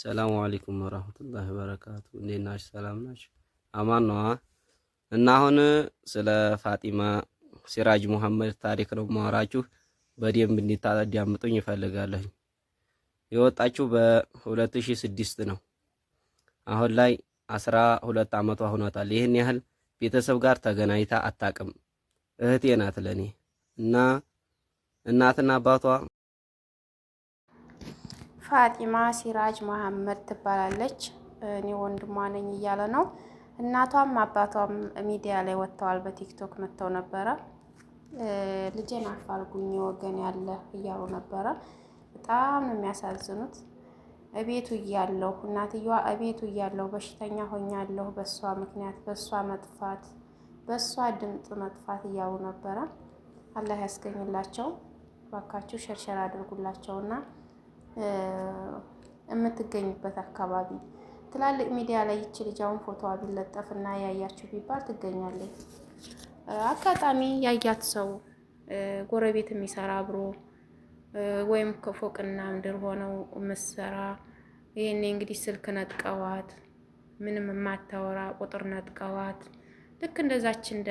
ሰላሙ አለይኩም ወራህመቱላሂ ወበረካቱ። እንዴት ናችሁ? ሰላም ናችሁ? አማን ነዋ። እና አሁን ስለ ፋጢማ ሲራጅ ሙሐመድ ታሪክ ነው ማወራችሁ። በደንብ እንዲታዳምጡኝ ይፈልጋለሁ። የወጣችሁ በ2006 ነው። አሁን ላይ 12 ዓመቷ ሆኗታል። ይህን ያህል ቤተሰብ ጋር ተገናኝታ አታቅም እህቴ ናት ለኔ እና እናትና አባቷ ፋጢማ ሲራጅ መሐመድ ትባላለች። እኔ ወንድሟ ነኝ እያለ ነው። እናቷም አባቷም ሚዲያ ላይ ወጥተዋል። በቲክቶክ መጥተው ነበረ። ልጄን አፋልጉኝ ወገን ያለ እያሉ ነበረ። በጣም ነው የሚያሳዝኑት። እቤቱ እያለሁ እናትየዋ እቤቱ እያለሁ በሽተኛ ሆኛለሁ፣ በእሷ ምክንያት፣ በእሷ መጥፋት፣ በእሷ ድምፅ መጥፋት እያሉ ነበረ። አላህ ያስገኝላቸው። ባካችሁ ሸርሸር አድርጉላቸውና የምትገኝበት አካባቢ ትላልቅ ሚዲያ ላይ ይች ልጅ አሁን ፎቶዋ ቢለጠፍ እና ያያችሁ ቢባል ትገኛለች። አጋጣሚ ያያት ሰው ጎረቤት የሚሰራ አብሮ ወይም ከፎቅና ምድር ሆነው ምሰራ ይህኔ እንግዲህ ስልክ ነጥቀዋት፣ ምንም የማታወራ ቁጥር ነጥቀዋት፣ ልክ እንደዛች እንደ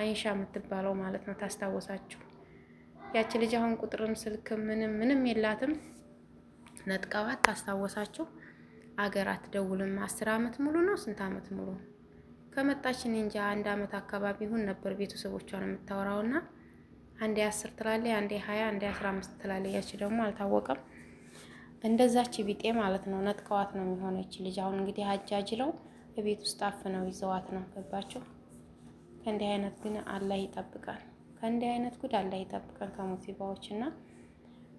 አይንሻ የምትባለው ማለት ነው። ታስታወሳችሁ? ያች ልጅ አሁን ቁጥርም ስልክም ምንም ምንም የላትም። ነጥቀዋት ታስታወሳችሁ። አገር አትደውልም። አስር አመት ሙሉ ነው ስንት አመት ሙሉ ከመጣችን እንጃ አንድ አመት አካባቢ ይሁን ነበር ቤተሰቦቿን የምታወራው እና አንዴ አስር ትላለች፣ አንዴ ሀያ አንዴ አስራ አምስት ትላለች። ያቺ ደግሞ አልታወቀም እንደዛች ቢጤ ማለት ነው። ነጥቀዋት ነው የሚሆነች ልጅ አሁን እንግዲህ አጃጅለው ቤት ውስጥ አፍነው ይዘዋት ነው። ገባቸው። ከእንዲህ አይነት ግን አላህ ይጠብቀን። ከእንዲህ አይነት ጉድ አላህ ይጠብቀን ከሙሲባዎች እና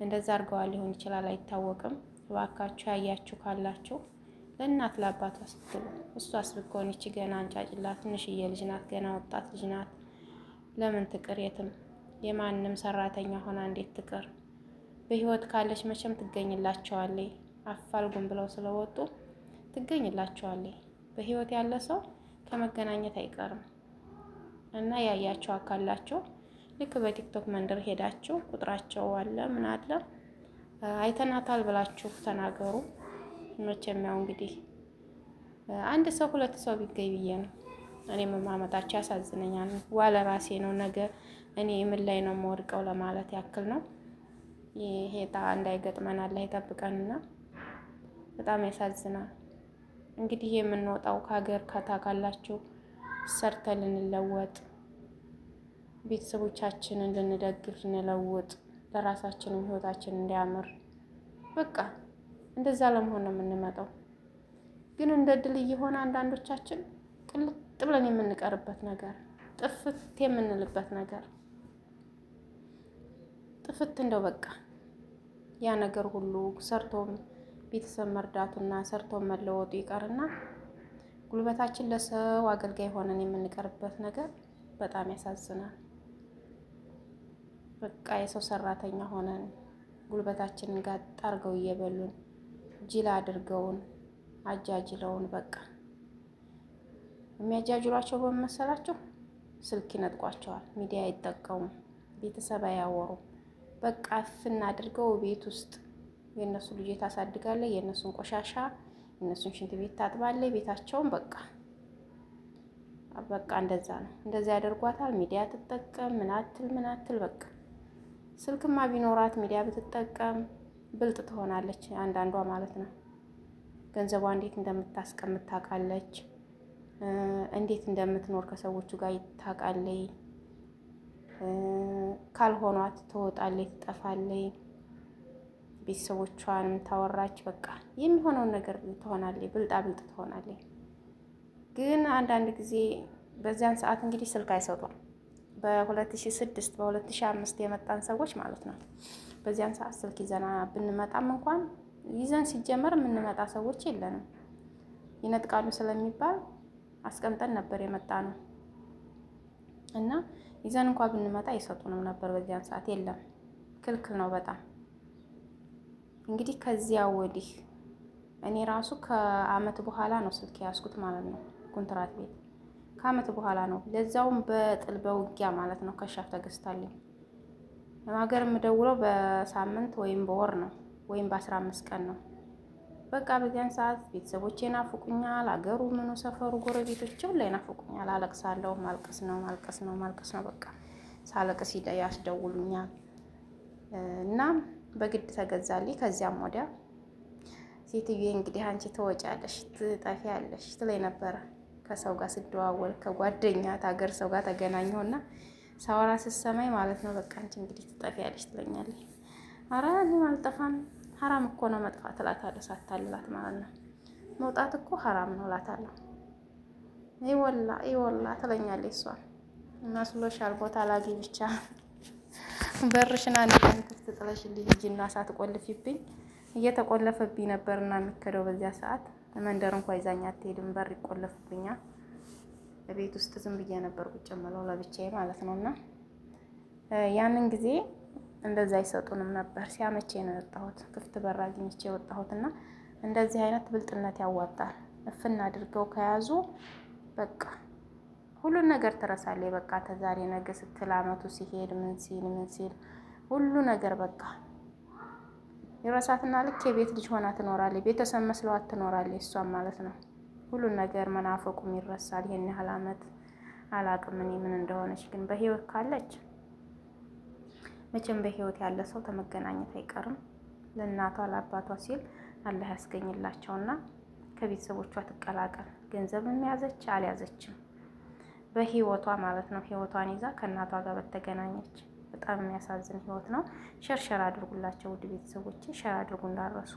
እንደዛ አድርገዋል ሊሆን ይችላል፣ አይታወቅም። እባካችሁ ያያችሁ ካላችሁ ለእናት ለአባቷ ስትሉ እሷስ ብትሆን ይቺ ገና አንጫጭላ ትንሽዬ ልጅ ናት፣ ገና ወጣት ልጅ ናት። ለምን ትቅር? የትም የማንም ሰራተኛ ሆና እንዴት ትቅር? በህይወት ካለች መቼም ትገኝላቸዋለች። አፋልጉን ብለው ስለወጡ ትገኝላቸዋለች። በህይወት ያለ ሰው ከመገናኘት አይቀርም እና ያያቸው አካላቸው?። ልክ በቲክቶክ መንደር ሄዳችሁ ቁጥራቸው አለ ምን አለ አይተናታል ብላችሁ ተናገሩ። መቼም ያው እንግዲህ አንድ ሰው ሁለት ሰው ቢገኝ ብዬ ነው እኔ መማመጣቸው ያሳዝነኛል። ዋለ ራሴ ነው ነገ እኔ ምን ላይ ነው የምወድቀው ለማለት ያክል ነው። ይሄ እንዳይገጥመን አላህ ይጠብቀንና በጣም ያሳዝናል። እንግዲህ የምንወጣው ከሀገር ከታ ካላችሁ ሰርተን ልንለወጥ ቤተሰቦቻችንን ልንደግፍ ልንለውጥ፣ ለራሳችንም ህይወታችን እንዲያምር በቃ እንደዛ ለመሆን ነው የምንመጣው። ግን እንደ ድል እየሆነ አንዳንዶቻችን ቅልጥ ብለን የምንቀርበት ነገር፣ ጥፍት የምንልበት ነገር ጥፍት እንደው በቃ ያ ነገር ሁሉ ሰርቶም ቤተሰብ መርዳቱና ሰርቶም መለወጡ ይቀርና ጉልበታችን ለሰው አገልጋይ ሆነን የምንቀርበት ነገር በጣም ያሳዝናል። በቃ የሰው ሰራተኛ ሆነን ጉልበታችንን ጋጥ አድርገው እየበሉን ጅል አድርገውን አጃጅለውን በቃ የሚያጃጅሏቸው በመሰላቸው ስልክ ይነጥቋቸዋል። ሚዲያ አይጠቀሙም፣ ቤተሰብ አያወሩም። በቃ ፍና አድርገው ቤት ውስጥ የእነሱ ልጅ ታሳድጋለ፣ የእነሱን ቆሻሻ የእነሱን ሽንት ቤት ታጥባለ፣ ቤታቸውን በቃ በቃ እንደዛ ነው። እንደዛ ያደርጓታል። ሚዲያ ትጠቀም ምናትል ምናትል በቃ ስልክማ ቢኖራት ሚዲያ ብትጠቀም ብልጥ ትሆናለች፣ አንዳንዷ ማለት ነው። ገንዘቧ እንዴት እንደምታስቀምጥ ታውቃለች፣ እንዴት እንደምትኖር ከሰዎቹ ጋር ታውቃለች። ካልሆኗት ትወጣለች፣ ትጠፋለች። ቤተሰቦቿን ታወራች፣ በቃ የሚሆነውን ነገር ትሆናለች፣ ብልጣ ብልጥ ትሆናለች። ግን አንዳንድ ጊዜ በዚያን ሰዓት እንግዲህ ስልክ አይሰጧል በ2006 በ2005 የመጣን ሰዎች ማለት ነው። በዚያን ሰዓት ስልክ ይዘና ብንመጣም እንኳን ይዘን ሲጀመር የምንመጣ ሰዎች የለንም። ይነጥቃሉ ስለሚባል አስቀምጠን ነበር የመጣ ነው እና ይዘን እንኳ ብንመጣ አይሰጡንም ነበር። በዚያን ሰዓት የለም፣ ክልክል ነው በጣም እንግዲህ ከዚያ ወዲህ እኔ ራሱ ከአመት በኋላ ነው ስልክ የያዝኩት ማለት ነው ኮንትራት ቤት ከአመት በኋላ ነው። ለዛውም በጥል በውጊያ ማለት ነው። ከሻፍ ተገዝታለሁ። ለማገር የምደውለው በሳምንት ወይም በወር ነው ወይም በአስራ አምስት ቀን ነው። በቃ በዚያን ሰዓት ቤተሰቦቼ ናፍቁኛል። አገሩ፣ ምኑ፣ ሰፈሩ፣ ጎረቤቶች ላይ ናፍቁኛል። አለቅሳለሁ። ማልቀስ ነው ማልቀስ ነው ማልቀስ ነው። በቃ ሳለቅስ ሂዳ ያስደውሉኛል እና በግድ ተገዛልኝ። ከዚያም ወዲያ ሴትዬ እንግዲህ አንቺ ትወጫለሽ፣ ትጠፊያለሽ ትለኝ ነበረ። ከሰው ጋር ስደዋወል ከጓደኛ ሀገር ሰው ጋር ተገናኘሁና ሳወራ ስሰማኝ ማለት ነው። በቃ አንቺ እንግዲህ ትጠፊያለሽ ትለኛለች። ኧረ እኔም አልጠፋም ሀራም እኮ ነው መጥፋት እላታለሁ። ሳታልላት ማለት ነው። መውጣት እኮ ሀራም ነው እላታለሁ። ይወላ ይወላ ትለኛለች እሷ መስሎሻል ቦታ ላጊ ብቻ በርሽና አንድ ቀን ክፍት ጥለሽልኝ እጅና ሳትቆልፊብኝ እየተቆለፈብኝ ነበርና የሚከደው በዚያ ሰዓት መንደር እንኳ ይዛኛ አትሄድም። በር ይቆለፍብኛል። ቤት ውስጥ ዝም ብዬ ነበር ቁጭ የምለው ለብቻዬ ማለት ነው። እና ያንን ጊዜ እንደዛ አይሰጡንም ነበር። ሲያመቼ ነው የወጣሁት፣ ክፍት በር አግኝቼ የወጣሁት። እና እንደዚህ አይነት ብልጥነት ያዋጣል። እፍን አድርገው ከያዙ በቃ ሁሉን ነገር ትረሳለህ። በቃ ተዛሬ ነገ ስትል አመቱ ሲሄድ ምን ሲል ምን ሲል ሁሉ ነገር በቃ ይረሳትና ልክ የቤት ልጅ ሆና ትኖራለች። ቤተሰብ መስለዋት ትኖራለች እሷም ማለት ነው። ሁሉን ነገር መናፈቁም ይረሳል። ይሄን ያህል አመት አላቅም እኔ ምን እንደሆነች፣ ግን በህይወት ካለች መቼም በህይወት ያለ ሰው ተመገናኘት አይቀርም። ለእናቷ ለአባቷ ሲል አላህ ያስገኝላቸውና ከቤተሰቦቿ ትቀላቀል። ገንዘብም ያዘች አልያዘችም በህይወቷ ማለት ነው። ህይወቷን ይዛ ከእናቷ ጋር በተገናኘች በጣም የሚያሳዝን ህይወት ነው። ሸርሸር አድርጉላቸው ውድ ቤተሰቦቼ፣ ሸር አድርጉ እንዳረሱ